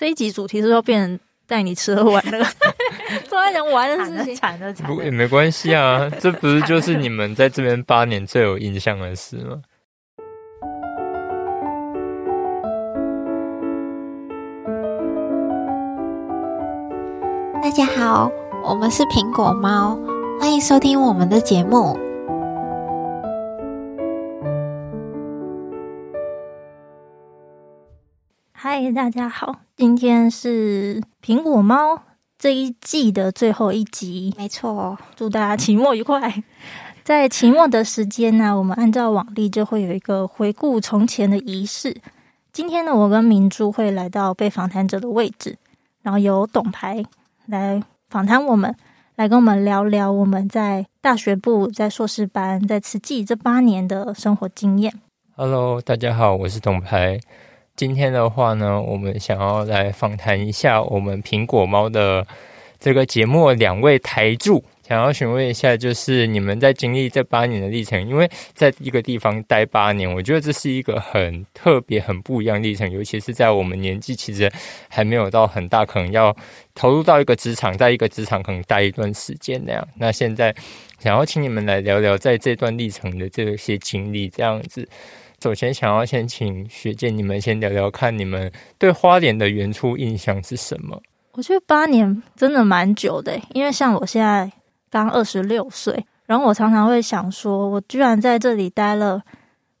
這一集主題是要變成帶你吃喝玩樂，都在想玩的事情，慘了慘了，不，也沒關係啊？ 這不是就是你們在這邊八年最有印象的事嗎？ 大家好，我們是蘋果貓，歡迎收聽我們的節目。嗨，大家好。今天是《蘋果貓》這一季的最後一集，沒錯。祝大家期末愉快！ 在期末的時間呢、啊，我們按照往例就會有一個回顧從前的儀式。今天呢，我跟明珠會來到被訪談者的位置，然後由董排來訪談我們，來跟我們聊聊我們在大學部、在碩士班、在慈濟這八年的生活經驗。Hello，大家好，我是董排。今天的話呢，我們想要來訪談一下我們蘋果貓的這個節目兩位台柱，想要詢問一下，就是你們在經歷這八年的歷程，因為在一個地方待八年，我覺得這是一個很特別、很不一樣的歷程，尤其是在我們年紀其實還沒有到很大，可能要投入到一個職場，在一個職場可能待一段時間那樣。那現在想要請你們來聊聊在這段歷程的這些經歷，這樣子。首先，想要先請學姐，你們先聊聊看，你們對花蓮的原初印象是什麼？我覺得八年真的蠻久的，欸，因為像我現在剛二十六歲，然後我常常會想說，我居然在這裡待了。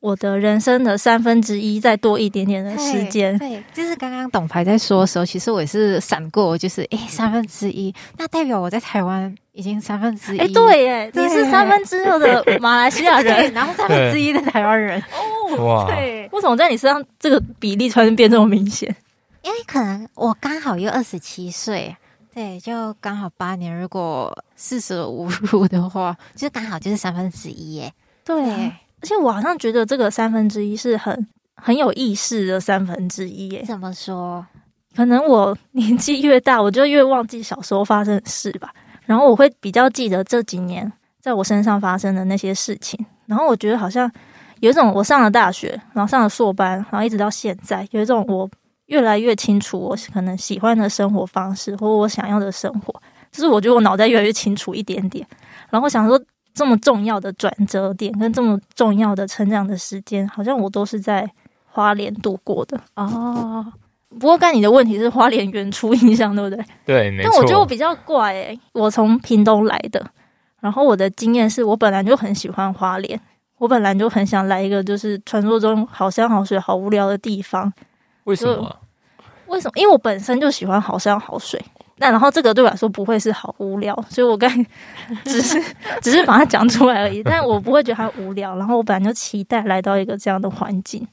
我的人生的三分之一再多一點點的時間，對，就是剛剛董排在說的時候，其實我也是閃過，就是誒、欸、三分之一，那代表我在台灣已經三分之一，哎、欸，對耶，哎耶，你是三分之二的馬來西亞人， 然後三分之一的台灣人，對哦，對，哇為什麼在你身上這個比例突然變這麼明顯？因為可能我剛好又二十七歲，對，就剛好八年，如果四捨五入的話，就剛好就是三分之一耶，哎，對。欸而且我好像覺得這個三分之一是很很有意識的三分之一。欸、怎麼說？可能我年紀越大，我就越忘記小時候發生的事吧。然後我會比較記得這幾年在我身上發生的那些事情。然後我覺得好像有一種我上了大學，然後上了碩班，然後一直到現在，有一種我越來越清楚我可能喜歡的生活方式，或我想要的生活。就是我覺得我腦袋越來越清楚一點點。然後想說。這麼重要的轉折點跟這麼重要的成長的時間，好像我都是在花蓮度過的哦、啊。不過，該你的問題是花蓮原初印象，對不對？對，沒錯。但我覺得我比較怪、欸，我從屏東來的，然後我的經驗是我本來就很喜歡花蓮，我本來就很想來一個就是傳說中好山好水好無聊的地方。為什麼？為什麼？因為我本身就喜歡好山好水。那然後這個對我來說不會是好無聊，所以我剛只是 只是把它講出來而已，但我不會覺得它無聊。然後我本來就期待來到一個這樣的環境。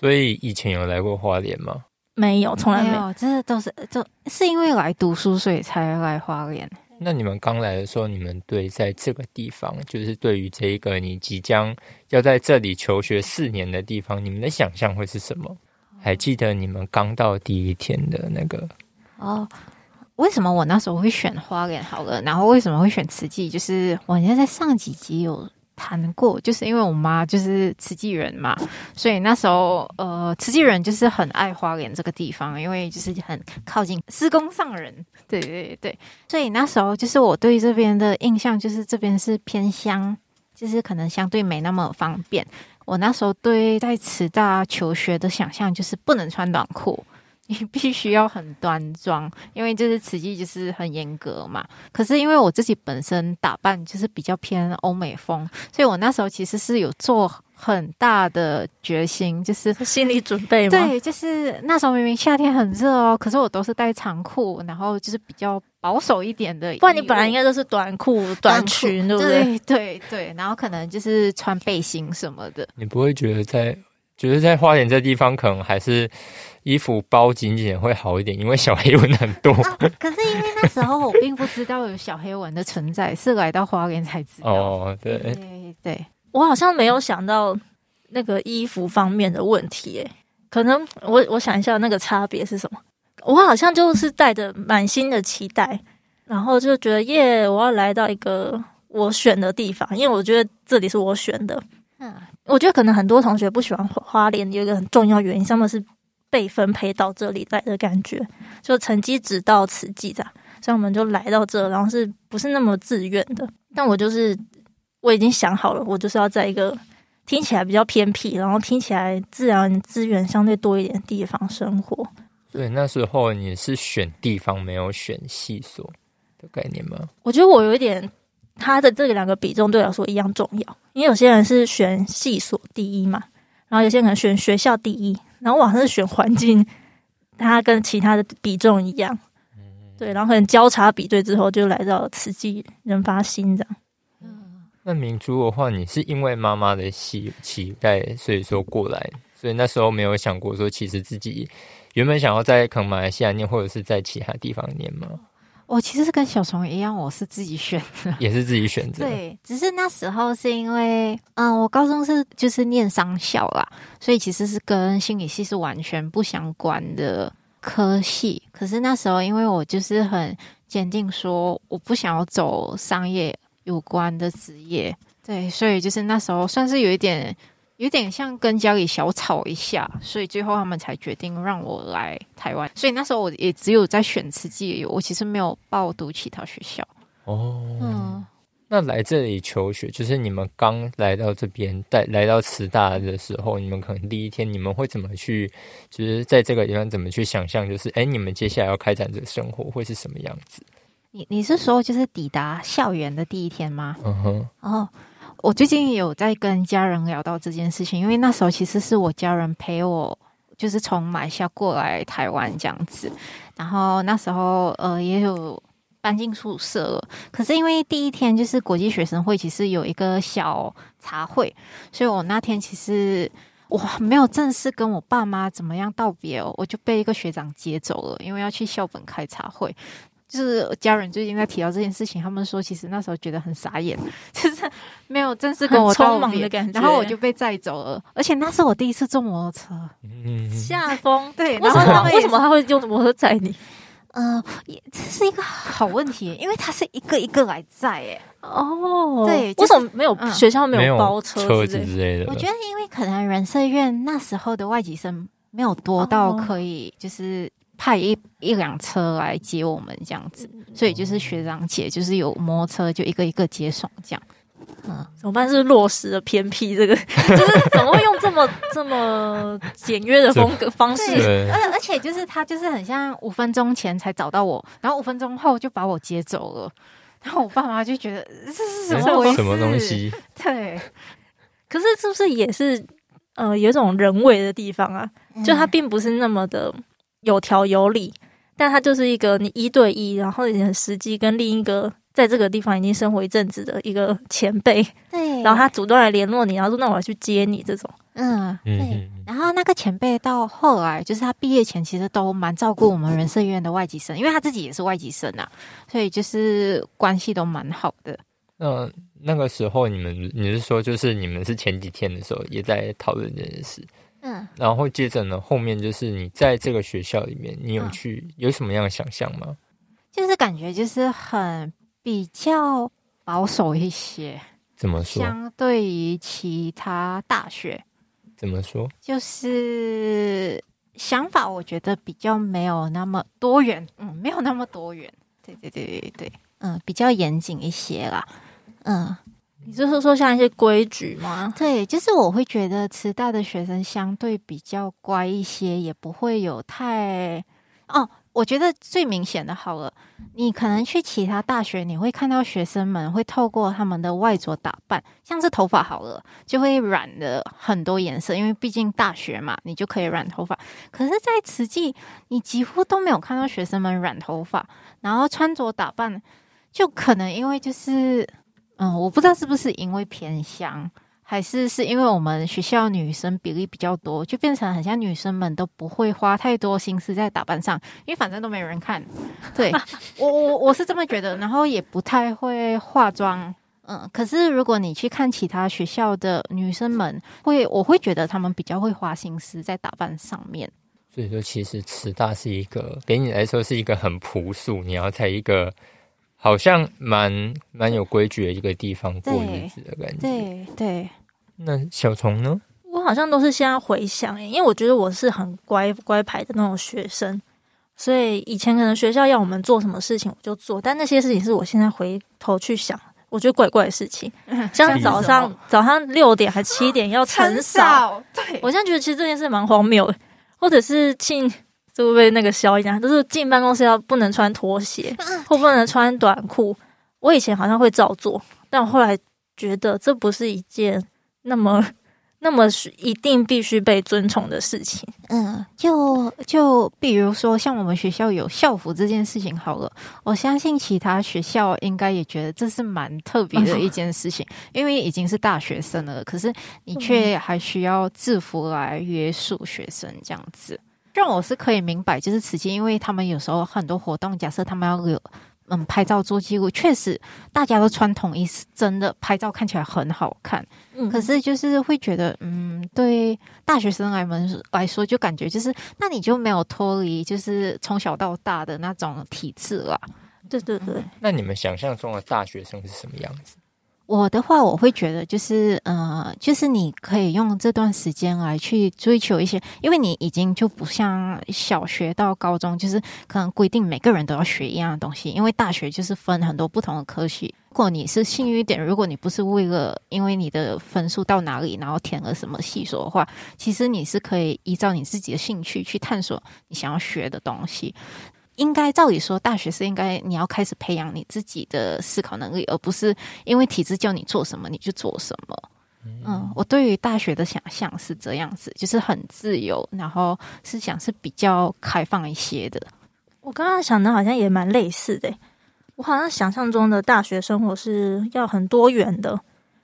所以以前有來過花蓮嗎？沒有，從來沒，沒有，真的都是就是因為來讀書所以才來花蓮。那你們剛來的時候，你們對在這個地方，就是對於這一個你即將要在這裡求學四年的地方，你們的想象會是什麼？還記得你們剛到第一天的那個哦。為什麼我那時候會選花蓮好了？然後為什麼會選慈濟？就是我好像在上幾集有談過，就是因為我媽就是慈濟人嘛，所以那時候呃，慈濟人就是很愛花蓮這個地方，因為就是很靠近師公上人。對對對，所以那時候就是我對這邊的印象就是這邊是偏鄉，就是可能相對沒那麼方便。我那時候對在慈大求學的想象就是不能穿短褲。你必須要很端莊，因為就是慈濟就是很嚴格嘛。可是因為我自己本身打扮就是比較偏歐美風，所以我那時候其實是有做很大的決心，就是心理準備嘛。對，就是那時候明明夏天很熱哦、喔，可是我都是帶長褲，然後就是比較保守一點的。不然你本來應該都是短褲、短裙，對不對？對對對，然後可能就是穿背心什麼的。你不會覺得在？就是在花蓮這地方，可能還是衣服包緊緊會好一點，因為小黑蚊很多、啊。可是因為那時候我並不知道有小黑蚊的存在， 是來到花蓮才知道。哦，對，對,對,對我好像沒有想到那個衣服方面的問題，可能我我想一下那個差別是什麼。我好像就是帶着滿心的期待，然後就覺得耶，我要來到一個我選的地方，因為我覺得這裡是我選的。嗯。我覺得可能很多同學不喜歡花蓮，有一個很重要原因，他們是被分配到這裡來的感覺，就成績只到慈濟站，所以我們就來到這，然後是不是那麼自願的？但我就是我已經想好了，我就是要在一個聽起來比較偏僻，然後聽起來自然資源相對多一點的地方生活。對，那時候你是選地方，沒有選系所的概念嗎？我覺得我有一點。他的這個兩個比重對我來說一樣重要，因為有些人是選系所第一嘛，然後有些人可能選學校第一，然後網上是選環境， 他跟其他的比重一樣，嗯、對，然後可能交叉比對之後就來到了慈濟人發心這樣。那明珠的話，你是因為媽媽的期期待，所以說過來，所以那時候沒有想過說，其實自己原本想要在可能馬來西亞念，或者是在其他地方念嗎？我其實是跟小蟲一樣，我是自己選的， 也是自己選擇。對，只是那時候是因為，嗯，我高中是就是念商校啦，所以其實是跟心理系是完全不相關的科系。可是那時候，因為我就是很堅定說，我不想要走商業有關的職業，對，所以就是那時候算是有一點。有點像跟家裡小吵一下，所以最後他們才決定讓我來台灣。所以那時候我也只有在選職系，我其實沒有報讀其他學校。哦，嗯、那來這裡求學，就是你們剛來到這邊，在來到慈大的時候，你們可能第一天，你們會怎麼去？就是在這個地方怎麼去想象？就是哎、欸，你們接下來要開展的生活會是什麼樣子？你你是說就是抵達校園的第一天嗎？嗯哼，哦。我最近有在跟家人聊到這件事情，因為那時候其實是我家人陪我，就是從馬來西亞過來台灣這樣子。然後那時候呃也有搬進宿舍了，可是因為第一天就是國際學生會其實有一個小茶會，所以我那天其實我沒有正式跟我爸媽怎麼樣道別哦，我就被一個學長接走了，因為要去校本開茶會。就是家人最近在提到這件事情，他們說其實那時候覺得很傻眼，就是沒有，正式跟我匆忙的感覺。然後我就被載走了，而且那是我第一次坐摩托車。嗯，下風對。然後 為什麼？為什麼他會用摩托車載你？呃，這是一個好問題，因為他是一個一個來載哎。哦，oh, 對，就是，為什麼沒有學校沒有包車之類、嗯、之類的？我覺得因為可能人社院那時候的外籍生沒有多到可以就是。派一一輛車來接我們這樣子，所以就是學長姐就是有摩托車，就一個一個接送這樣。嗯，我們班是落實的偏僻，這個 就是怎麼會用這麼 這麼簡約的風格方式？而、這個、而且就是他就是很像五分鐘前才找到我，然後五分鐘後就把我接走了。然後我爸媽就覺得這是什麼回事？什麼東西？對。可是是不是也是呃有一種人味的地方啊？嗯、就他並不是那麼的。有條有理，但他就是一個你一對一，然後你的實際跟另一個在這個地方已經生活一陣子的一個前輩，對，然後他主動來聯絡你，然後說那我要去接你這種，嗯，對。嗯、然後那個前輩到後來，就是他畢業前其實都蠻照顧我們人社院的外籍生，嗯、因為他自己也是外籍生啊，所以就是關係都蠻好的。嗯，那個時候你們你是說就是你們是前幾天的時候也在討論這件事。嗯、然後接着呢，後面就是你在這個學校裡面，你有去、嗯、有什麼樣的想象嗎？就是感覺就是很比較保守一些，怎麼說？相對於其他大學，怎麼說？就是想法我覺得比較沒有那麼多元，嗯，沒有那麼多元。對對對對對，嗯，比較嚴謹一些啦。嗯。你就是說像一些規矩嗎？對，就是我會覺得慈大的學生相對比較乖一些，也不會有太……哦，我覺得最明顯的好了。你可能去其他大學，你會看到學生們會透過他們的外着打扮，像是頭髮好了就會染了很多顏色，因為畢竟大學嘛，你就可以染頭髮。可是，在慈濟，你幾乎都沒有看到學生們染頭髮，然後穿着打扮就可能因為就是。嗯，我不知道是不是因為偏鄉還是是因為我們學校女生比例比較多，就變成很像女生們都不會花太多心思在打扮上，因為反正都沒有人看。 對我，我我是這麼覺得，然後也不太會化妝。嗯，可是如果你去看其他學校的女生們，會我會覺得她們比較會花心思在打扮上面。所以說，其實慈大是一個，給你來說是一個很樸素，你要在一個。好像蠻蠻有規矩的一個地方過日子的感覺，對對。對對那小蟲呢？我好像都是現在回想耶，因為我覺得我是很乖乖牌的那種學生，所以以前可能學校要我們做什麼事情我就做，但那些事情是我現在回頭去想，我覺得怪怪的事情， 像早上麼早上六點還七點要晨掃、啊，對我現在覺得其實這件事蠻荒謬的，或者是慶就被那個消息啊，就是進辦公室要不能穿拖鞋，或不能穿短褲。我以前好像會照做，但我後來覺得這不是一件那麼那麼是一定必須被尊崇的事情。嗯，就就比如說像我們學校有校服這件事情好了，我相信其他學校應該也覺得這是蠻特別的一件事情，嗯、因為已經是大學生了，可是你卻還需要制服來約束學生這樣子。讓我是可以明白，就是此前因為他們有時候很多活動，假設他們要有嗯拍照做記錄，確實大家都穿統一，是真的拍照看起來很好看。嗯哼。可是就是會覺得，嗯，對大學生來們來說，就感覺就是那你就沒有脫離，就是從小到大的那種體制了。對對對。那你們想象中的大學生是什麼樣子？我的話，我會覺得就是，呃，就是你可以用這段時間來去追求一些，因為你已經就不像小學到高中，就是可能規定每個人都要學一樣的東西。因為大學就是分很多不同的科系，如果你是幸運點，如果你不是為了因為你的分數到哪裡然後填了什麼系所的話，其實你是可以依照你自己的興趣去探索你想要學的東西。應該照理說，大學是應該你要開始培養你自己的思考能力，而不是因為體制叫你做什麼你就做什麼。嗯，我對於大學的想象是這樣子，就是很自由，然後思想是比較開放一些的。我剛剛想的好像也蠻類似的，欸，我好像想象中的大學生活是要很多元的，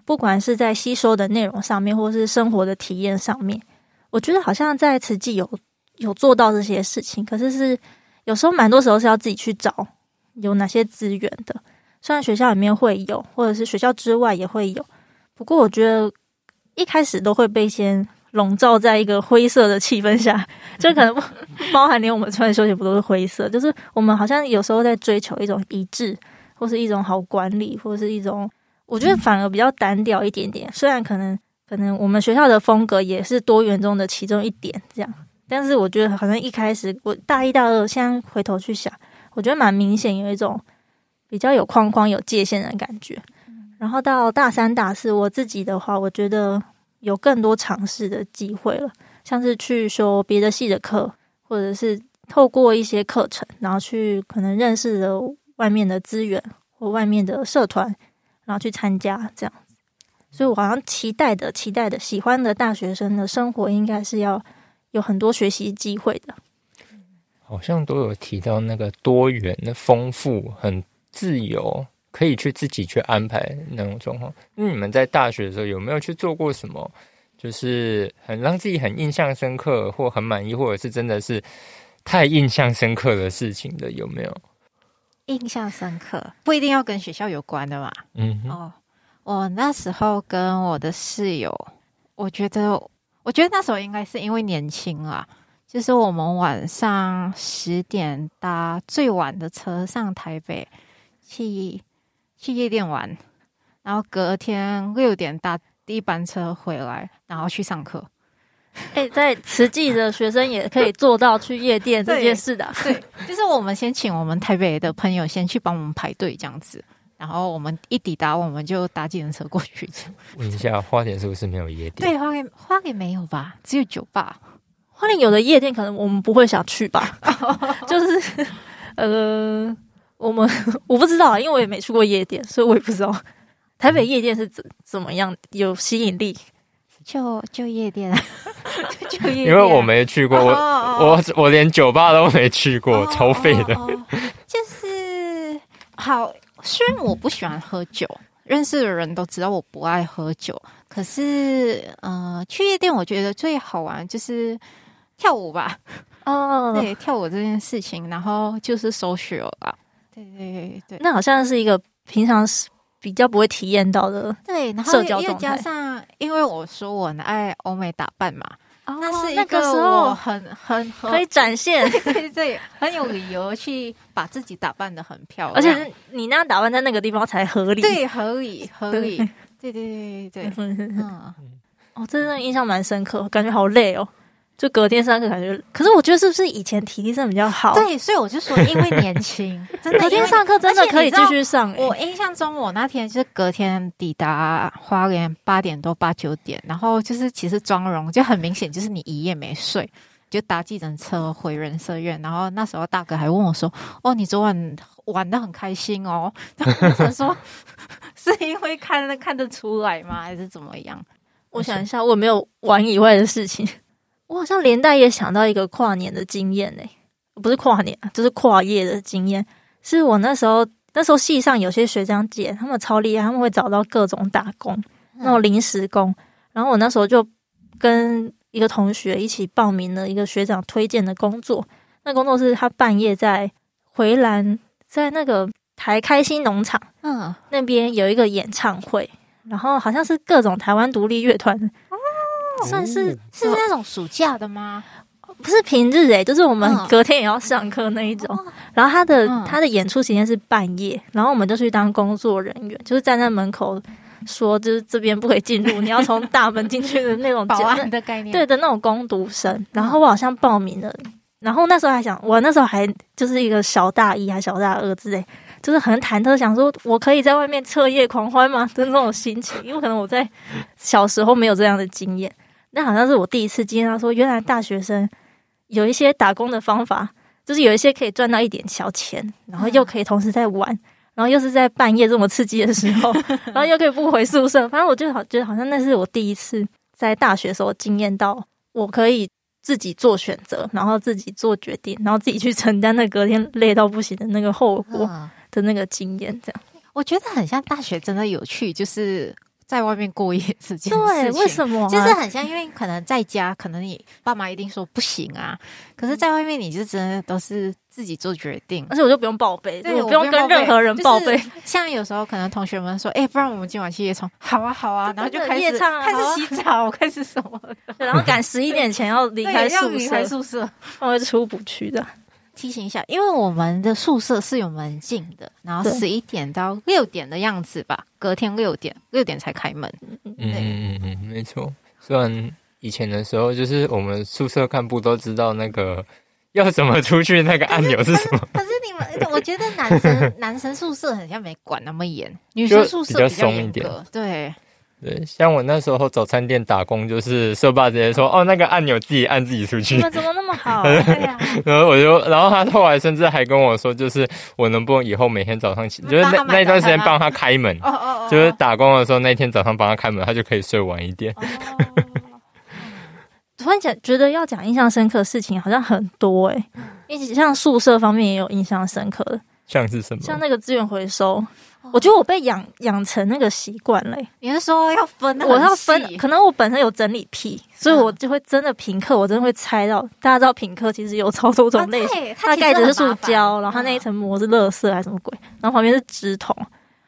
不管是在吸收的內容上面，或是生活的體驗上面，我覺得好像在慈濟有有做到這些事情，可是是。有時候蠻多時候是要自己去找有哪些資源的，雖然學校裡面會有，或者是學校之外也會有。不過我覺得一開始都會被先籠罩在一個灰色的氣氛下，就可能不 包含連我們穿的休閒服都是灰色，就是我們好像有時候在追求一種一致，或是一種好管理，或是一種我覺得反而比較單調一點點。雖然可能可能我們學校的風格也是多元中的其中一點這樣。但是我覺得好像一開始我大一、大二，現在回頭去想，我覺得蠻明顯有一種比較有框框、有界限的感覺。然後到大三、大四，我自己的話，我覺得有更多嘗試的機會了，像是去修別的系的課，或者是透過一些課程，然後去可能認識了外面的資源或外面的社團，然後去參加這樣。所以我好像期待的、期待的、喜歡的大學生的生活，應該是要。有很多學習機會的，好像都有提到那個多元的豐富、很自由，可以去自己去安排那種狀況。那你們在大學的時候有沒有去做過什麼，就是很讓自己很印象深刻，或很滿意，或者是真的是太印象深刻的事情的？有沒有？印象深刻不一定要跟學校有關的嘛。嗯哦哼，oh, 我那時候跟我的室友，我覺得。我覺得那時候應該是因為年輕啊，就是我們晚上十點搭最晚的車上台北去，去去夜店玩，然後隔天六點搭第一班車回來，然後去上課。哎、欸，在慈濟的學生也可以做到去夜店這件事的 對，對，就是我們先請我們台北的朋友先去幫我們排隊這樣子。然後我們一抵達，我們就搭計程車過去。問一下，花蓮是不是沒有夜店？對，花蓮花蓮沒有吧？只有酒吧。花蓮有的夜店，可能我們不會想去吧？ 就是呃，我們我不知道，因為我也沒去過夜店，所以我也不知道台北夜店是怎怎麼樣，有吸引力？就就夜店，啊、 就就夜店，啊，就夜店。因為我沒去過，我哦哦哦我我連酒吧都沒去過，哦哦哦超廢的哦哦哦。就是好。雖然我不喜歡喝酒，認識的人都知道我不愛喝酒。可是，呃，去夜店我覺得最好玩就是跳舞吧，哦，oh. 對，跳舞這件事情，然後就是 social 了，啊。對對對對，那好像是一個平常比較不會體驗到的，對，社交狀態。然後又加上，因為我說我愛歐美打扮嘛。Oh, 那是一個我，那個時候很很可以展現，展現對，對對，很有理由去把自己打扮得很漂亮， 而且你那樣打扮在那個地方才合理，對，合理，合理，對對對對對， 哦，真的印象蠻深刻，感覺好累哦。就隔天上課感覺，可是我覺得是不是以前體力上比較好？對，所以我就說因為年輕，隔天上課真的可以繼續上。欸、我印象中我那天就是隔天抵達花蓮，八點多八九點，然後就是其實妝容就很明顯，就是你一夜沒睡就搭計程車回人社院，然後那時候大哥還問我說：“哦，你昨晚玩得很開心哦？”我曾說 是因為看看得出來嗎？還是怎麼樣？嗯、我想一下，我沒有玩以外的事情。我好像連帶也想到一個跨年的經驗嘞、欸，不是跨年，就是跨夜的經驗。是我那時候，那時候系上有些學長姐，他們超厲害，他們會找到各種打工，那種臨時工。然後我那時候就跟一個同學一起報名了一個學長推薦的工作。那工作是他半夜在洄瀾，在那個台開心農場，嗯，那邊有一個演唱會，然後好像是各種台灣獨立樂團。算是、哦、是是那種暑假的嗎？不是平日誒、欸，就是我們隔天也要上課那一種。嗯、然後他的、嗯、他的演出時間是半夜，然後我們就去當工作人員，就是站在門口說，就是這邊不可以進入， 你要從大門進去的那種保安的概念。對的，那種工讀生。然後我好像報名了，然後那時候還想，我那時候還就是一個小大一還小大二之類，就是很忐忑想說，我可以在外面徹夜狂歡嗎？就是、那種心情，因為可能我在小時候沒有這樣的經驗。那好像是我第一次經驗到，說原來大學生有一些打工的方法，就是有一些可以賺到一點小錢，然後又可以同時在玩，然後又是在半夜這麼刺激的時候，然後又可以不回宿舍。 反正我就好覺得好，好像那是我第一次在大學時候經驗到，我可以自己做選擇，然後自己做決定，然後自己去承擔那隔天累到不行的那個後果的那個經驗。這樣、嗯、我覺得很像大學真的有趣，就是。在外面過夜這件事情。對，為什麼？就是很像，因為可能在家，可能你爸媽一定說不行啊。可是，在外面，你是真的都是自己做決定。而且我就不用報備，我不用跟任何人報備。像有時候，可能同學們說：“哎，不然我們今晚去夜唱。好啊，好啊，然後就開始開始洗澡，開始什麼的，然後趕十一點前要離開宿舍，宿舍我出不去的。提醒一下，因為我們的宿舍是有門禁的，然後十一點到六點的樣子吧，對隔天六點六點才開門。嗯對嗯嗯，沒錯。雖然以前的時候，就是我們宿舍幹部都知道那個要怎麼出去，那個按鈕是什麼。可是，是，是你們，我覺得男生 男生宿舍好像沒管那麼嚴，就 女生宿舍比較鬆一點比較嚴格。對。對，像我那時候早餐店打工，就是社霸直接說：“嗯、哦，那個按鈕自己按，自己出去。”怎麼那麼好，啊？ 然後我就，然後他後來甚至還跟我說：“就是我能不能以後每天早上起，就是那那一段時間幫他開門。買”就是打工的時候，那一天早上幫他開門，他就可以睡晚一點。哦、哦、哦。突然講覺得要講印象深刻的事情，好像很多哎，欸，像宿舍方面也有印象深刻的。像是什麼？像那個資源回收。我覺得我被養養成那個習慣嘞、欸，你是說要分？我要分，可能我本身有整理癖，嗎所以我就會真的品客，我真的會猜到。大家知道品客其實有超多種類型，啊、它它的蓋子是塑膠，嗯、然後它那一層膜是垃圾還是什麼鬼，然後旁邊是紙筒，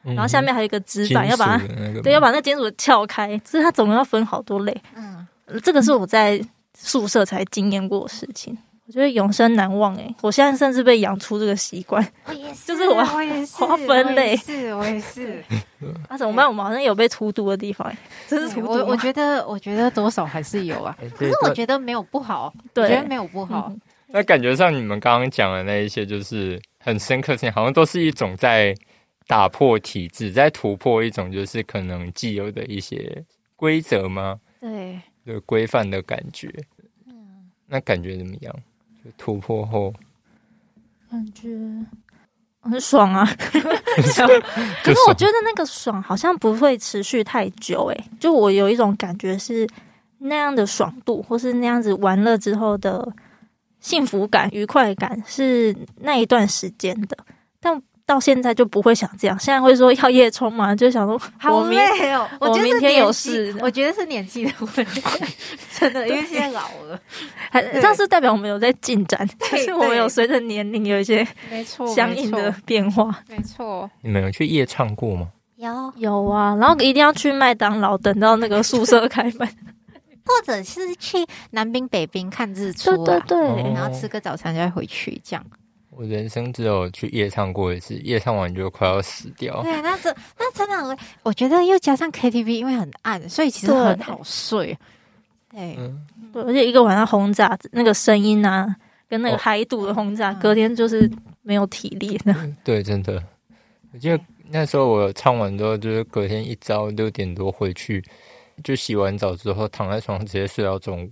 然後下面還有一個紙板，嗯、哼要把它對，要把那金屬撬開，所以它總要分好多類。嗯，這個是我在宿舍才經驗過的事情。我覺得永生難忘欸，我現在甚至被養出這個習慣，就是我我也是，我分類，是，我也是。那怎麼辦？我們好像有被荼毒的地方哎，這是荼毒。我覺得，我覺得多少還是有啊。可是我覺得沒有不好，對，覺得沒有不好。那感覺上，你們剛剛講的那一些，就是很深刻的，好像都是一種在打破體制，在突破一種就是可能既有的一些規則嗎？對，就是規範的感覺。嗯，那感覺怎麼樣？突破後，感覺很爽啊！可是我覺得那個爽好像不會持續太久誒、欸，就我有一種感覺是那樣的爽度，或是那樣子玩了之後的幸福感、愉快感是那一段時間的，但。到現在就不會想這樣，現在會說要夜衝嘛，就想說我明天有、我明天有事，我覺得是年紀的問題，真的，因為現在老了，還是代表我們有在進展，但是我們有隨着年齡有一些沒錯相應的變化。沒錯，你們有去夜唱過嗎？有有啊，然後一定要去麥當勞，等到那個宿舍開門，或者是去南濱北濱看日出，對對對，然後吃個早餐再回去這樣。我人生只有去夜唱過一次，夜唱完就快要死掉。對，那真那真的，我覺得又加上 KTV，因為很暗，所以其實很好睡。哎，而且一個晚上轟炸那個聲音啊，跟那個海堵的轟炸，哦、隔天就是沒有體力了，嗯。對，真的，我記得那時候我唱完之後，就是隔天一早六點多回去，就洗完澡之後躺在床上直接睡到中午，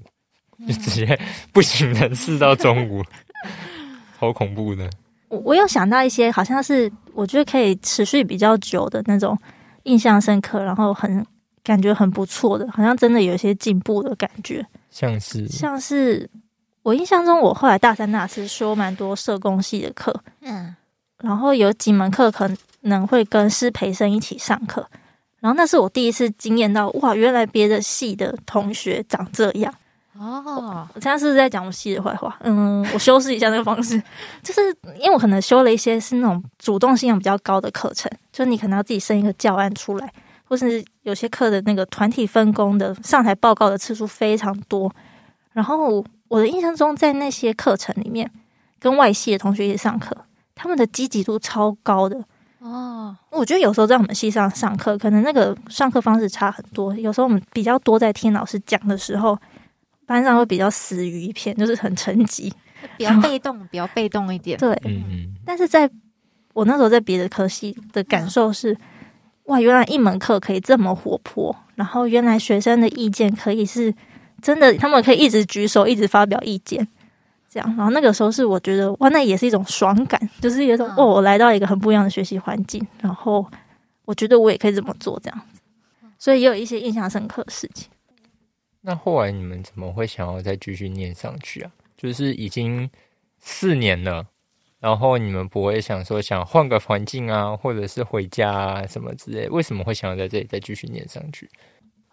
嗯、就直接不省人事到中午。 好恐怖的！我我有想到一些，好像是我覺得可以持續比較久的那種印象深刻，然後很感覺很不錯的，好像真的有一些進步的感覺。像是像是我印象中，我後來大三大四修蠻多社工系的課，嗯，然後有幾門課可能會跟師培生一起上課，然後那是我第一次驚艷到，哇，原來別的系的同學長這樣。哦，oh. 我現在是不是在講我們系的壞話？嗯，我修飾一下那個方式， 就是因為我可能修了一些是那種主動性比較高的課程，就是你可能要自己生一個教案出來，或是有些課的那個團體分工的上台報告的次數非常多。然後我的印象中，在那些課程裡面，跟外系的同學一起上課，他們的積極度超高的。哦，oh. 我覺得有時候在我們系上上課，可能那個上課方式差很多。有時候我們比較多在聽老師講的時候，班上會比較死魚一片，就是很沉寂，比較被動， 比較被動一點。對，嗯嗯，但是在我那時候在別的科系的感受是，嗯、哇，原來一門課可以這麼活潑，然後原來學生的意見可以是真的，他們可以一直舉手，一直發表意見，這樣。然後那個時候是我覺得，哇，那也是一種爽感，就是一種、嗯、哇，我來到一個很不一樣的學習環境，然後我覺得我也可以這麼做，這樣子，所以也有一些印象深刻的事情。那後來你們怎麼會想要再繼續念上去啊？就是已經四年了，然後你們不會想說想換個環境啊，或者是回家啊什麼之類？為什麼會想要在這裡再繼續念上去？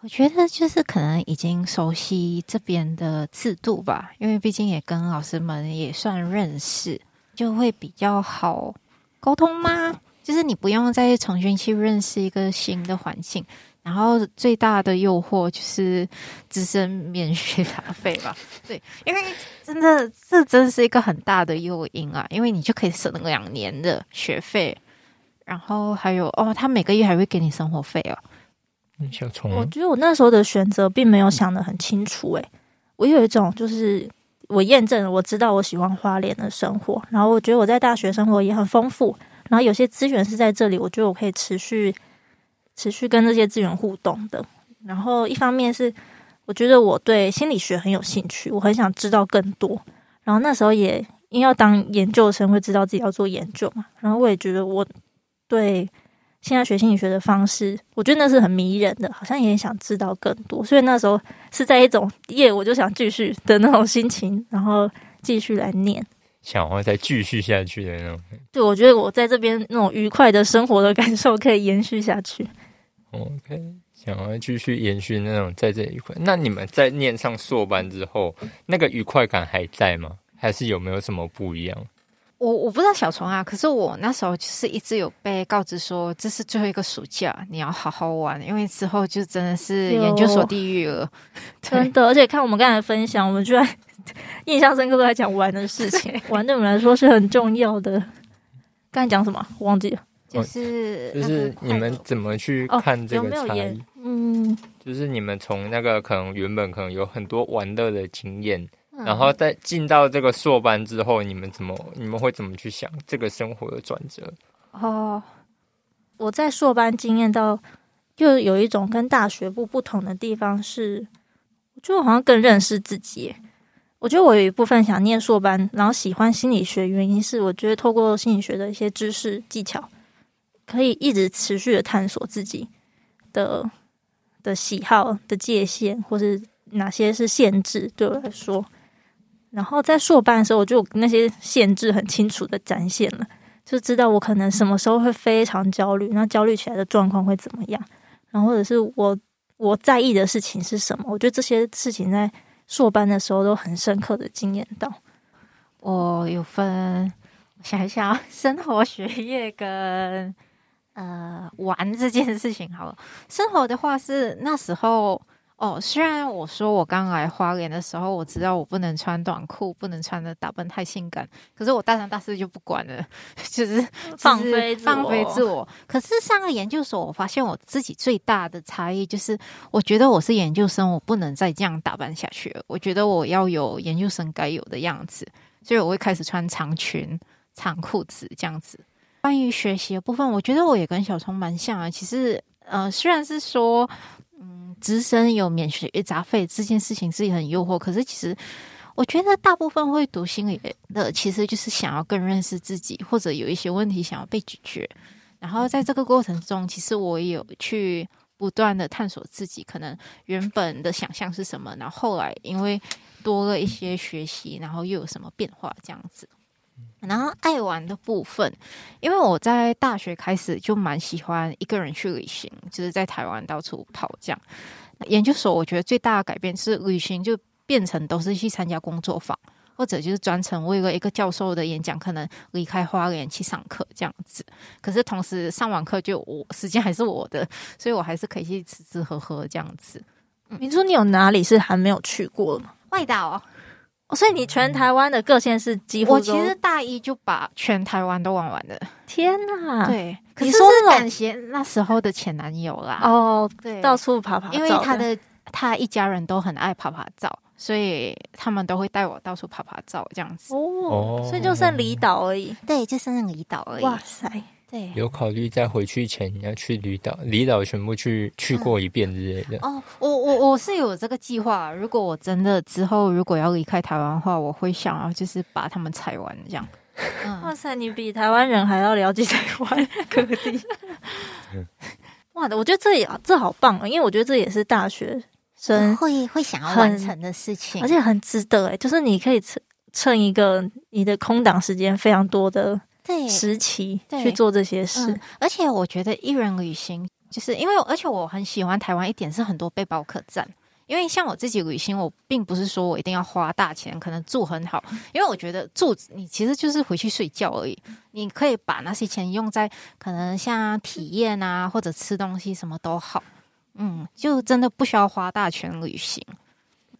我覺得就是可能已經熟悉這邊的制度吧，因為畢竟也跟老師們也算認識，就會比較好溝通嗎？就是你不用再重新去認識一個新的環境。然後最大的誘惑就是直升免學雜費吧，對，因為真的這真的是一個很大的誘因啊，因為你就可以省兩年的學費，然後還有哦，他每個月還會給你生活費哦。小蟲，我覺得我那時候的選擇並沒有想得很清楚，誒，我有一種就是我驗證了我知道我喜歡花蓮的生活，然後我覺得我在大學生活也很豐富，然後有些資源是在這裡，我覺得我可以持續，持續跟這些資源互動的，然後一方面是我覺得我對心理學很有興趣，我很想知道更多。然後那時候也因為要當研究生，會知道自己要做研究嘛。然後我也覺得我對現在學心理學的方式，我覺得那是很迷人的，好像也很想知道更多。所以那時候是在一種“耶，我就想繼續”的那種心情，然後繼續來念，想會再繼續下去的那種。對，我覺得我在這邊那種愉快的生活的感受可以延續下去。OK，想要繼續延續那種在這一塊，那你們在念上碩班之後，那個愉快感還在嗎？還是有沒有什麼不一樣？我我不知道小蟲啊，可是我那時候就是一直有被告知說，這是最後一個暑假，你要好好玩，因為之後就真的是研究所地獄了。有對真的，而且看我們剛才分享，我們居然印象深刻都在講玩的事情，對，玩，對我們來說是很重要的。剛才講什麼？忘記了。就是、哦、就是你們怎麼去看這個差異、哦？嗯，就是你們從那個可能原本可能有很多玩樂的經驗，嗯、然後在進到這個碩班之後，你們怎麼你們會怎麼去想這個生活的轉折？哦，我在碩班經驗到就有一種跟大學部不同的地方是，我覺得好像更認識自己。我覺得我有一部分想念碩班，然後喜歡心理學，原因是我覺得透過心理學的一些知識技巧。可以一直持續的探索自己的的喜好、的界限，或是哪些是限制對我來說。然後在碩班的時候，我就那些限制很清楚的展現了，就知道我可能什麼時候會非常焦慮，那焦慮起來的狀況會怎麼樣，然後或者是我我在意的事情是什麼。我覺得這些事情在碩班的時候都很深刻的經驗到。我有分我想一想，生活、學業跟。呃，玩這件事情好了。生活的話是那時候哦。雖然我說我剛來花蓮的時候，我知道我不能穿短褲，不能穿的打扮太性感。可是我大三、大四就不管了， 就是、就是、放飛放飛自我。可是上了研究所，我發現我自己最大的差異就是，我覺得我是研究生，我不能再這樣打扮下去了。我覺得我要有研究生該有的樣子，所以我會開始穿長裙、長褲子這樣子。關於學習的部分，我覺得我也跟小蟲蠻像啊。其實，呃，雖然是說，嗯，直升有免學雜費這件事情是很誘惑，可是其實我覺得大部分會讀心理的，其實就是想要更認識自己，或者有一些問題想要被解決。然後在這個過程中，其實我也有去不斷的探索自己可能原本的想象是什麼，然後後來因為多了一些學習，然後又有什麼變化，這樣子。然後愛玩的部分，因為我在大學開始就蠻喜歡一個人去旅行，就是在台灣到處跑這樣。研究所我覺得最大的改變是旅行就變成都是去參加工作坊，或者就是專程為了一個教授的演講，可能離開花蓮去上課這樣子。可是同時上完課就我時間還是我的，所以我還是可以去吃吃喝喝這樣子。明珠，你有哪裡是還沒有去過嗎？外島。哦、所以你全台灣的各縣市幾乎、嗯，我其實大一就把全台灣都玩完了。天啊，對，可是，是感謝那時候的前男友啦。哦，對，到處拍拍照。因為他的他一家人都很愛拍拍照，所以他們都會帶我到處拍拍照這樣子。哦，所以就剩離島而已。哦、對，就剩那離島而已。哇塞！有考慮在回去前你要去離島，離島全部去去過一遍之類的？嗯、哦，我我我是有這個計劃。如果我真的之後如果要離開台灣的話，我會想要就是把他們踩完這樣。嗯、哇塞，你比台灣人還要了解台灣各 地。嗯、哇的，我覺得這也這好棒，因為我覺得這也是大學生會會想要完成的事情，而且很值得哎、欸。就是你可以趁趁一個你的空檔時間非常多的。對時期對去做這些事，嗯，而且我覺得一人旅行，就是因為我而且我很喜歡台灣一點是很多背包客棧，因為像我自己旅行，我並不是說我一定要花大錢，可能住很好，因為我覺得住你其實就是回去睡覺而已，你可以把那些錢用在可能像體驗啊或者吃東西什麼都好，嗯，就真的不需要花大錢旅行。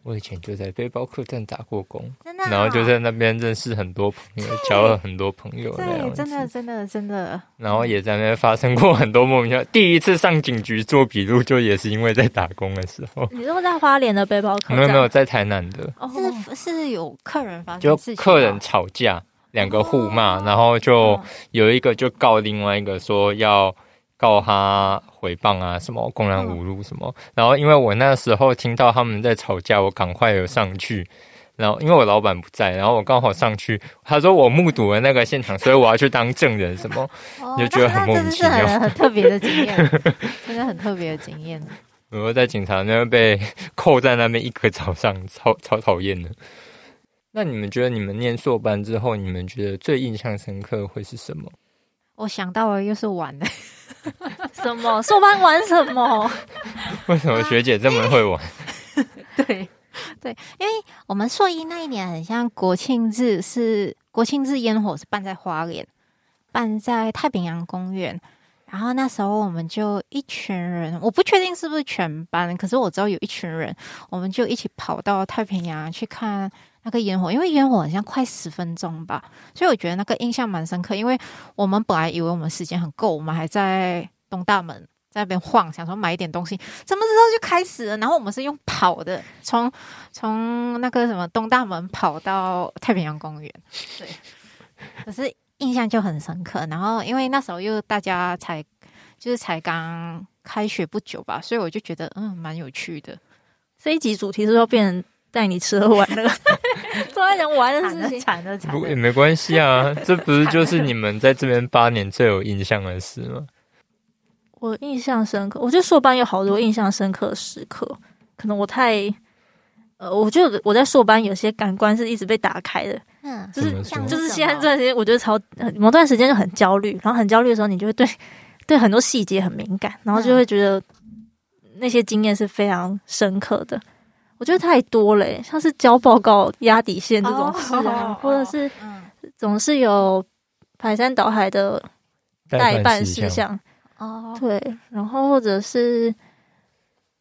我以前就在背包客棧打過工，真的啊、然後就在那邊認識很多朋友，對交了很多朋友。對，真的，真的，真的。然後也在那邊發生過很多莫名其妙。嗯、第一次上警局做筆錄，就也是因為在打工的時候。你都在花蓮的背包客棧？沒有，沒有，在台南的。是、哦，是有客人發生，就客人吵架，兩個互罵，哦、然後就有一個就告另外一個說要。告他誹謗啊，什麼公然侮辱什麼。然後因為我那時候聽到他們在吵架，我趕快有上去。然後因為我老板不在，然後我剛好上去。他說我目睹了那個現場，所以我要去當證人。什麼，你就覺得很莫名其妙，是是很特別的經驗，真的很特別的經驗。我在警察那邊被扣在那邊一個早上，超超討厭的。 那你們覺得你們念碩班之後，你們覺得最印象深刻會是什麼？我想到了，又是玩的。 什麼？碩班玩什麼？為什麼學姐這麼會玩？啊欸、對，對，因為我們碩一那一年，很像國慶日，是國慶日煙火是辦在花蓮，辦在太平洋公園，然後那時候我們就一群人，我不確定是不是全班，可是我知道有一群人，我們就一起跑到太平洋去看。那個煙火，因為煙火好像快十分鐘吧，所以我覺得那個印象蠻深刻。因為我們本來以為我們時間很夠，我們還在東大門在那邊晃，想說買一點東西，怎麼知道就開始了？然後我們是用跑的，從從那個什麼東大門跑到太平洋公園，對。 可是印象就很深刻。然後因為那時候又大家才就是才剛開學不久吧，所以我就覺得嗯蠻有趣的。這一集主題是，是要變。帶你吃喝玩樂，突然想玩的事情，慘了慘了，不也沒關係啊， 這不是就是你們在這邊八年最有印象的事嗎？我印象深刻，我覺得碩班有好多印象深刻的時刻，可能我太……呃，我覺得我在碩班有些感官是一直被打開的，嗯，就是就是現在這段時間，我覺得超、呃、某段時間就很焦慮，然後很焦慮的時候，你就會對對很多細節很敏感，然後就會覺得那些經驗是非常深刻的。我覺得太多了，像是交報告壓底線這種事、啊，oh, oh, oh, oh, 或者是總是有排山倒海的待辦事項哦。對，然後或者是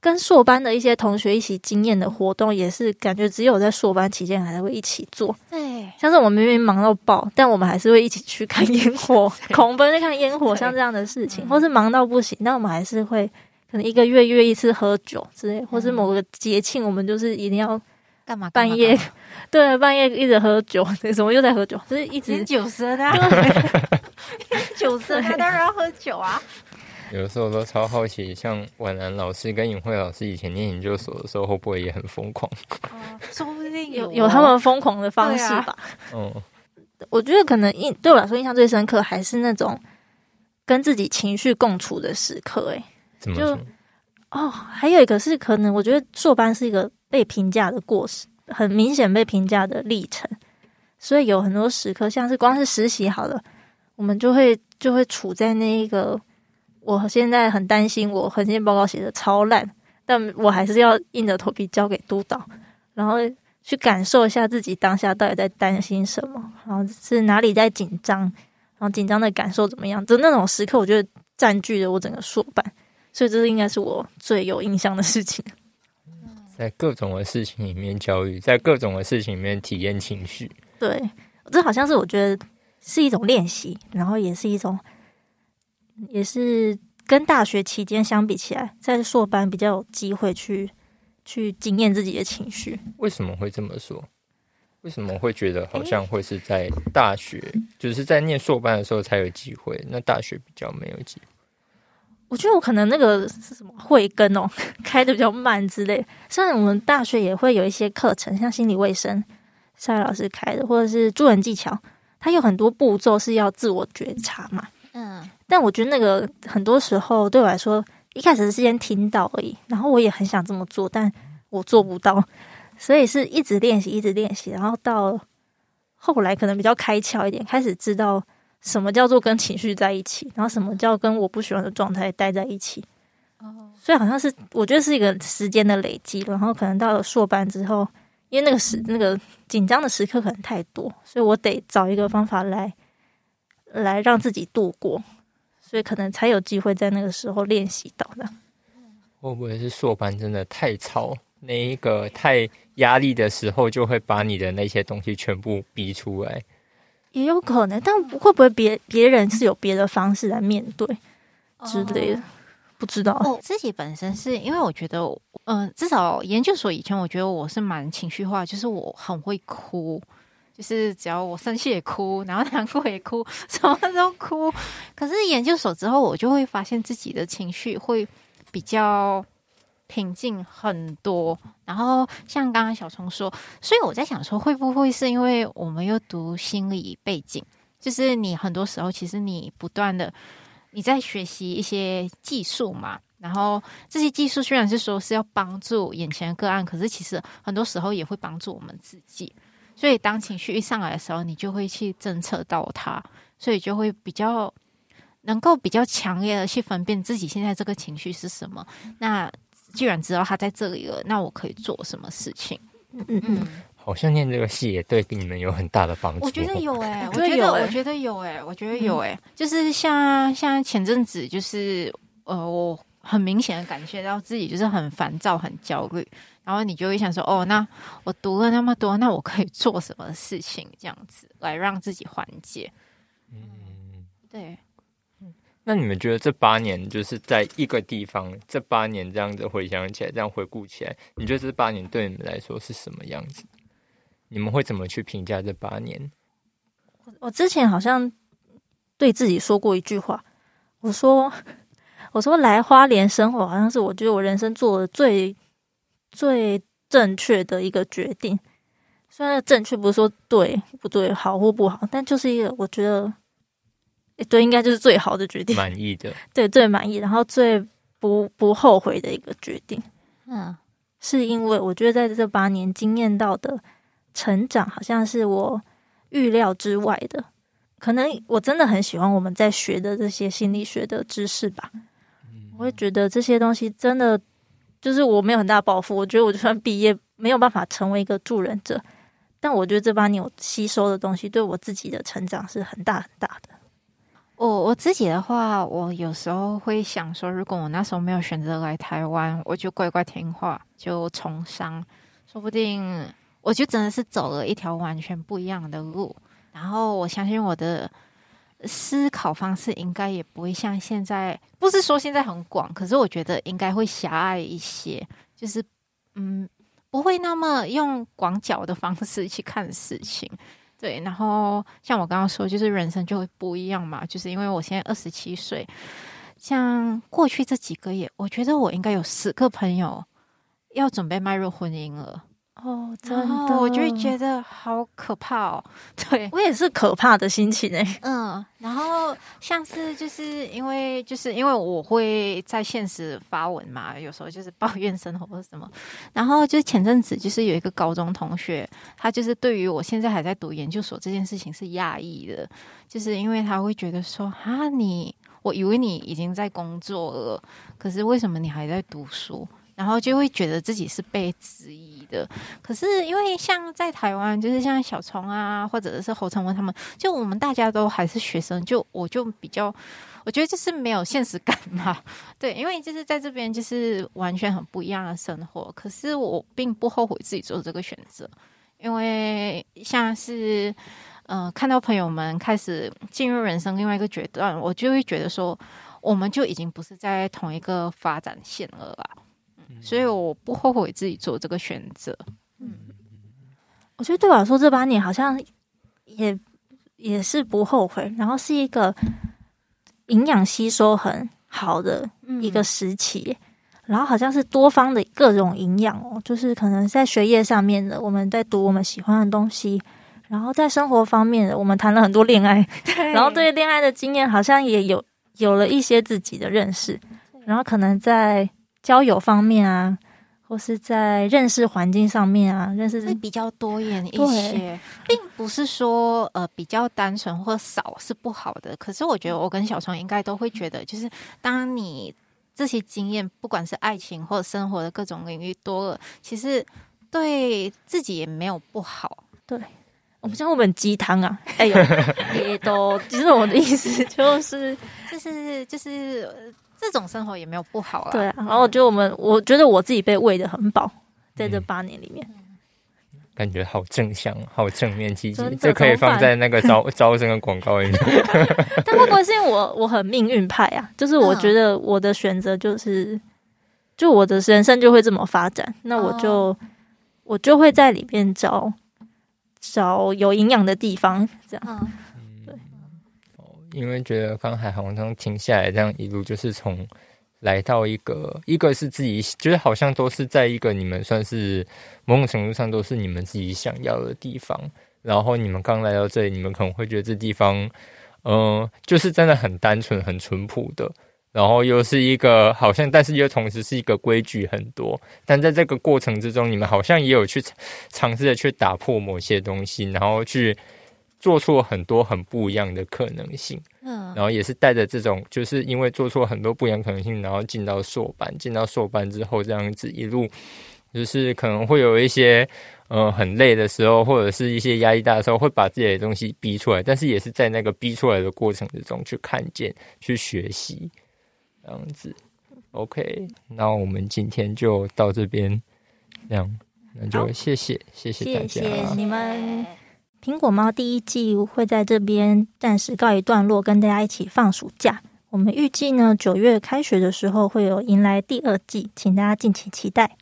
跟碩班的一些同學一起經驗的活動，也是感覺只有在碩班期間還會一起做。對，像是我們明明忙到爆，但我們還是會一起去看煙火， 對狂奔去看煙火，像這樣的事情，或是忙到不行，那我們還是會。可能一個月約一次喝酒之類，嗯、或是某個節慶，我們就是一定要幹嘛？半夜 對，半夜一直喝酒，為什麼又在喝酒？就是一直酒神、啊。他 酒神當然要喝酒啊。有的時候我都超好奇，像婉蘭老師跟尹慧老師以前念研究所的時候，會不會也很瘋狂、 哦？說不定有、哦、有，有他們瘋狂的方式吧。嗯、啊，哦、我覺得可能印對我來說印象最深刻，還是那種跟自己情緒共處的時刻、欸。哎。就麼哦，還有一個是可能，我覺得碩班是一個被評價的過程，很明顯被評價的歷程，所以有很多時刻，像是光是實習好了，我們就會就會處在那一個，我現在很擔心，我核心報告寫的超爛，但我還是要硬着頭皮交給督導，然後去感受一下自己當下到底在擔心什麼，然後是哪裡在緊張，然後緊張的感受怎麼樣，就那種時刻，我就佔據了我整個碩班。所以這是應該是我最有印象的事情，在各種的事情裡面教育，在各種的事情裡面體驗情緒。對，這好像是我覺得是一種練習，然後也是一種，也是跟大學期間相比起來，在碩班比較有機會去去經驗自己的情緒。為什麼會這麼說？為什麼會覺得好像會是在大學，誒就是在念碩班的時候才有機會？那大學比較沒有機會。我覺得我可能那個是什麼慧根哦，開的比較慢之類。雖然我們大學也會有一些課程，像心理衛生，夏老師開的，或者是助人技巧，它有很多步驟是要自我覺察嘛。嗯，但我覺得那個很多時候對我來說，一開始是先聽到而已，然後我也很想這麼做，但我做不到，所以是一直練習，一直練習，然後到後來可能比較開竅一點，開始知道。什麼叫做跟情緒在一起？然後什麼叫跟我不喜歡的狀態待在一起？哦，所以好像是我覺得是一個時間的累積，然後可能到了碩班之後，因為那個時那個緊張的時刻可能太多，所以我得找一個方法來來讓自己度過，所以可能才有機會在那個時候練習到的。會不會是碩班真的太吵？那一個太壓力的時候，就會把你的那些東西全部逼出來。也有可能，但會不會別別人是有別的方式來面對之類的，oh. 不知道。我、哦，自己本身是因為我覺得我，嗯、呃，至少研究所以前，我覺得我是蠻情緒化，就是我很會哭，就是只要我生氣也哭，然後難過也哭，什麼都哭。可是研究所之後，我就會發現自己的情緒會比較平靜很多。然後，像剛剛小蟲說，所以我在想說，會不會是因為我們又讀心理背景？就是你很多時候，其實你不斷的你在學習一些技術嘛。然後這些技術雖然是說是要幫助眼前的個案，可是其實很多時候也會幫助我們自己。所以當情緒一上來的時候，你就會去偵測到它，所以就會比較能夠比較強烈的去分辨自己現在這個情緒是什麼。那。既然知道他在這裡了，那我可以做什麼事情？嗯嗯，嗯。好像念這個系也對你們有很大的幫助。我覺得有哎、欸，我覺得我覺得有哎，我覺得有哎，就是像像前陣子，就是呃，我很明顯的感覺到自己就是很煩躁、很焦慮，然後你就會想說，哦，那我讀了那麼多，那我可以做什麼事情，這樣子來讓自己緩解。嗯、呃，對。那你們覺得這八年就是在一個地方，這八年這樣子回想起來，這樣回顧起來，你覺得這八年對你們來說是什麼樣子？你們會怎麼去評價這八年？我之前好像對自己說過一句話，我說：“我說來花蓮生活，好像是我覺得我人生做的最最正確的一個決定。雖然正確不是說對不對、好或不好，但就是一個我覺得。”對，應該就是最好的決定，滿意的，對，最滿意，然後最不不後悔的一個決定。嗯，是因為我覺得在這八年經驗到的成長，好像是我預料之外的。可能我真的很喜歡我們在學的這些心理學的知識吧。嗯，我會覺得這些東西真的，就是我沒有很大抱負，我覺得我就算畢業，沒有辦法成為一個助人者。但我覺得這八年我吸收的東西，對我自己的成長是很大很大的。我我自己的話，我有時候會想說，如果我那時候沒有選擇來台灣，我就乖乖聽話，就從商，說不定我就真的是走了一條完全不一樣的路。然後我相信我的思考方式應該也不會像現在，不是說現在很廣，可是我覺得應該會狹隘一些，就是嗯，不會那麼用廣角的方式去看事情。對，然後像我剛剛說，就是人生就會不一樣嘛。就是因為我現在二十七歲，像過去這幾個月，我覺得我應該有十個朋友要準備邁入婚姻了。哦，真的，我就會覺得好可怕哦。對，對，我也是可怕的心情誒、欸，嗯，然後像是就是因為就是因為我會在現實發文嘛，有時候就是抱怨生活或者什麼。然後就前陣子，就是有一個高中同學，他就是對於我現在還在讀研究所這件事情是訝異的，就是因為他會覺得說啊，你我以為你已經在工作了，可是為什麼你還在讀書？然後就會覺得自己是被質疑的，可是因為像在台灣，就是像小蟲啊，或者是侯成文他們，就我們大家都還是學生，就我就比較，我覺得這是沒有現實感嘛，對，因為就是在這邊就是完全很不一樣的生活。可是我並不後悔自己做這個選擇，因為像是，嗯、呃，看到朋友們開始進入人生另外一個決斷，我就會覺得說，我們就已經不是在同一個發展線了啦。所以我不後悔自己做這個選擇。嗯，我覺得對我來說，這八年好像也也是不後悔，然後是一個營養吸收很好的一個時期。嗯、然後好像是多方的各種營養哦，就是可能在學業上面的，我們在讀我們喜歡的東西；然後在生活方面我們談了很多戀愛。對然後對戀愛的經驗，好像也有有了一些自己的認識。然後可能在。交友方面啊，或是在認識環境上面啊，認識會比較多元一些，對並不是說呃比較單純或少是不好的。可是我覺得我跟小蟲應該都會覺得，就是當你這些經驗，不管是愛情或生活的各種領域多了，其實對自己也沒有不好。對、嗯、我們像我們雞湯啊，哎呦、 欸，也都 其實我的意思就是就是 就是。就是這種生活也沒有不好啊。對啊，然後我覺得我們，我覺得我自己被餵得很飽，在這八年裡面，嗯，感覺好正向，好正面積極，就可以放在那個招 招生的廣告裡面。 但會不會是因為我我很命運派啊？就是我覺得我的選擇就是，嗯、就我的人生就會這麼發展，那我就，哦，我就會在裡面找找有營養的地方，這樣。哦因為覺得剛海航剛停下來這樣一路就是從來到一個，一個是自己就是好像都是在一個你們算是某種程度上都是你們自己想要的地方，然後你們剛來到這裡，你們可能會覺得這地方，嗯、呃，就是真的很單純、很淳樸的，然後又是一個好像，但是又同時是一個規矩很多，但在這個過程之中，你們好像也有去嘗試着去打破某些東西，然後去。做錯很多很不一樣的可能性，嗯，然後也是帶着這種，就是因為做錯很多不一樣可能性，然後進到碩班，進到碩班之後這樣子一路，就是可能會有一些，呃，很累的時候，或者是一些壓力大的時候，會把自己的東西逼出來，但是也是在那個逼出來的過程之中去看見、去學習，這樣子。OK，那我們今天就到這邊，這樣，那就謝謝好謝謝大家，謝謝你們。《蘋果貓》第一季會在這邊暫時告一段落，跟大家一起放暑假。我們預計呢，九月開學的時候會有迎來第二季，請大家敬請期待。